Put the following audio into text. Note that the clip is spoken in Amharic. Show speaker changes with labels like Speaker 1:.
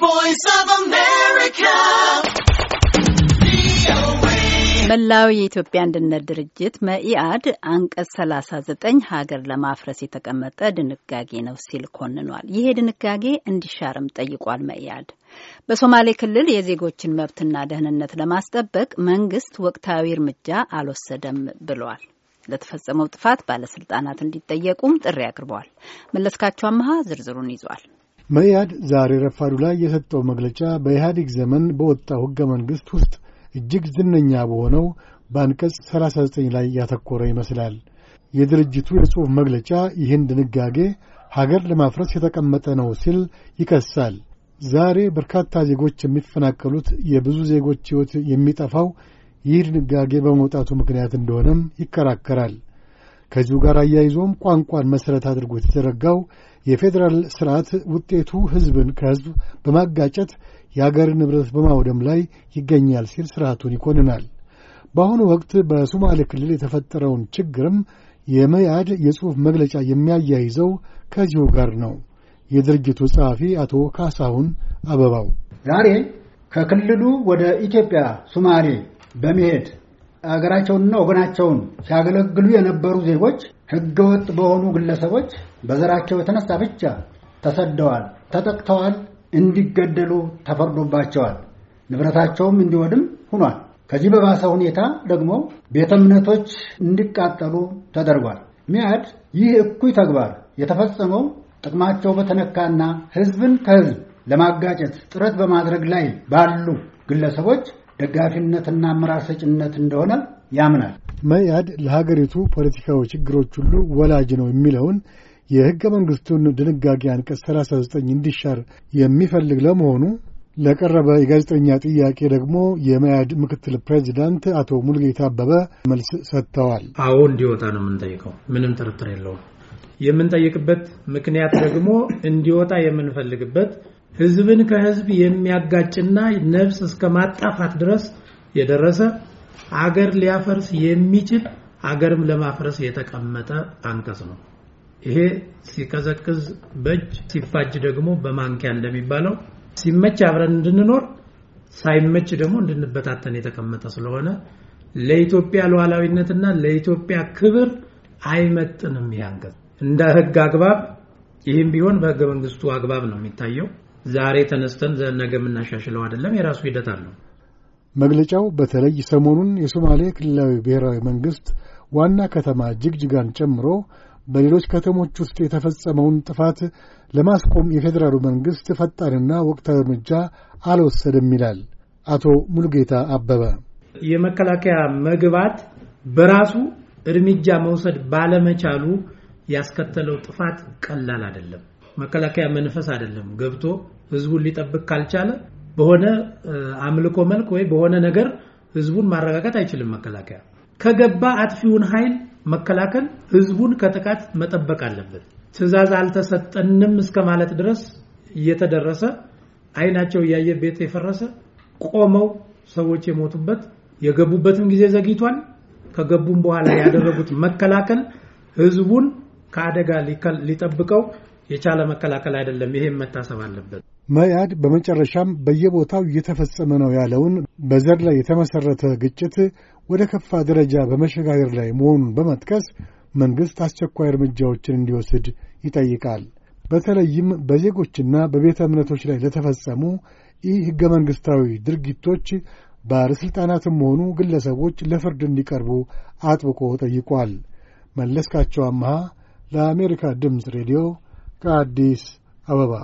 Speaker 1: ቮይስ መላው የኢትዮጵያ አንድነት ድርጅት መኢአድ አንቀጽ 39 ሀገር ለማፍረስ የተቀመጠ ድንጋጌ ነው ሲል ኮንኗል። ይሄ ድንጋጌ እንዲሻርም ጠይቋል። መኢአድ በሶማሌ ክልል የዜጎችን መብትና ደህንነት ለማስጠበቅ መንግስት ወቅታዊ እርምጃ አልወሰደም ብሏል። ለተፈጸመው ጥፋት ባለስልጣናት እንዲጠየቁም ጥሪ አቅርበዋል። መለስካቸው አመሀ ዝርዝሩን ይዟል።
Speaker 2: መኢአድ ዛሬ ረፋዱ ላይ የሰጠው መግለጫ በኢህአዴግ ዘመን በወጣው ሕገ መንግሥት ውስጥ እጅግ ዝነኛ በሆነው በአንቀጽ 39 ላይ ያተኮረ ይመስላል። የድርጅቱ የጽሑፍ መግለጫ ይህን ድንጋጌ ሀገር ለማፍረስ የተቀመጠ ነው ሲል ይከሳል። ዛሬ በርካታ ዜጎች የሚፈናቀሉት የብዙ ዜጎች ሕይወት የሚጠፋው ይህ ድንጋጌ በመውጣቱ ምክንያት እንደሆነም ይከራከራል። ከዚሁ ጋር አያይዞም ቋንቋን መሠረት አድርጎ የተዘረጋው የፌዴራል ስርዓት ውጤቱ ሕዝብን ከሕዝብ በማጋጨት የአገር ንብረት በማውደም ላይ ይገኛል ሲል ስርዓቱን ይኮንናል። በአሁኑ ወቅት በሶማሌ ክልል የተፈጠረውን ችግርም የመያድ የጽሑፍ መግለጫ የሚያያይዘው ከዚሁ ጋር ነው። የድርጅቱ ጸሐፊ አቶ ካሳሁን አበባው ዛሬ ከክልሉ ወደ ኢትዮጵያ ሶማሌ በመሄድ
Speaker 3: አገራቸውንና ወገናቸውን ሲያገለግሉ የነበሩ ዜጎች ህገወጥ በሆኑ ግለሰቦች በዘራቸው የተነሳ ብቻ ተሰደዋል፣ ተጠቅተዋል፣ እንዲገደሉ ተፈርዶባቸዋል። ንብረታቸውም እንዲወድም ሆኗል። ከዚህ በባሰ ሁኔታ ደግሞ ቤተ እምነቶች እንዲቃጠሉ ተደርጓል። ሚያድ ይህ እኩይ ተግባር የተፈጸመው ጥቅማቸው በተነካና ህዝብን ከህዝብ ለማጋጨት ጥረት በማድረግ ላይ ባሉ ግለሰቦች ደጋፊነትና አመራር ሰጭነት
Speaker 2: እንደሆነ ያምናል። መያድ ለሀገሪቱ ፖለቲካዊ ችግሮች ሁሉ ወላጅ ነው የሚለውን የሕገ መንግሥቱን ድንጋጌ አንቀጽ 39 እንዲሻር የሚፈልግ ለመሆኑ ለቀረበ የጋዜጠኛ ጥያቄ ደግሞ የመያድ ምክትል ፕሬዚዳንት አቶ ሙልጌታ አበበ መልስ ሰጥተዋል።
Speaker 4: አዎ እንዲወጣ ነው የምንጠይቀው። ምንም ጥርጥር የለውም። የምንጠይቅበት ምክንያት ደግሞ እንዲወጣ የምንፈልግበት ህዝብን ከህዝብ የሚያጋጭና ነፍስ እስከ ማጣፋት ድረስ የደረሰ አገር ሊያፈርስ የሚችል አገርም ለማፍረስ የተቀመጠ አንቀጽ ነው። ይሄ ሲቀዘቅዝ በእጅ ሲፋጅ ደግሞ በማንኪያ እንደሚባለው ሲመች አብረን እንድንኖር ሳይመች ደግሞ እንድንበታተን የተቀመጠ ስለሆነ ለኢትዮጵያ ሉዓላዊነትና ለኢትዮጵያ ክብር አይመጥንም። ይህ አንቀጽ እንደ ህግ አግባብ ይህም ቢሆን በህገ መንግስቱ አግባብ ነው የሚታየው። ዛሬ ተነስተን ነገ የምናሻሽለው አይደለም። የራሱ ሂደት አለው።
Speaker 2: መግለጫው በተለይ ሰሞኑን የሶማሌ ክልላዊ ብሔራዊ መንግስት ዋና ከተማ ጅግጅጋን ጨምሮ በሌሎች ከተሞች ውስጥ የተፈጸመውን ጥፋት ለማስቆም የፌዴራሉ መንግስት ፈጣንና ወቅታዊ እርምጃ አልወሰድም ይላል አቶ ሙሉጌታ አበበ።
Speaker 4: የመከላከያ መግባት በራሱ እርምጃ መውሰድ ባለመቻሉ ያስከተለው ጥፋት ቀላል አይደለም። መከላከያ መንፈስ አይደለም። ገብቶ ህዝቡን ሊጠብቅ ካልቻለ በሆነ አምልኮ መልክ ወይ በሆነ ነገር ህዝቡን ማረጋጋት አይችልም። መከላከያ ከገባ አጥፊውን ኃይል መከላከል፣ ህዝቡን ከጥቃት መጠበቅ አለበት። ትዕዛዝ አልተሰጠንም እስከ ማለት ድረስ እየተደረሰ አይናቸው እያየ ቤት የፈረሰ ቆመው ሰዎች የሞቱበት የገቡበትም ጊዜ ዘግይቷል። ከገቡም በኋላ ያደረጉት መከላከል ህዝቡን ከአደጋ ሊጠብቀው የቻለ መከላከል አይደለም። ይሄም መታሰብ አለበት። መያድ
Speaker 2: በመጨረሻም በየቦታው እየተፈጸመ ነው ያለውን በዘር ላይ የተመሠረተ ግጭት ወደ ከፋ ደረጃ በመሸጋገር ላይ መሆኑን በመጥቀስ መንግሥት አስቸኳይ እርምጃዎችን እንዲወስድ ይጠይቃል። በተለይም በዜጎችና በቤተ እምነቶች ላይ ለተፈጸሙ ኢ ሕገ መንግሥታዊ ድርጊቶች ባለሥልጣናትም ሆኑ ግለሰቦች ለፍርድ እንዲቀርቡ አጥብቆ ጠይቋል። መለስካቸው አምሃ ለአሜሪካ ድምፅ ሬዲዮ ከአዲስ አበባ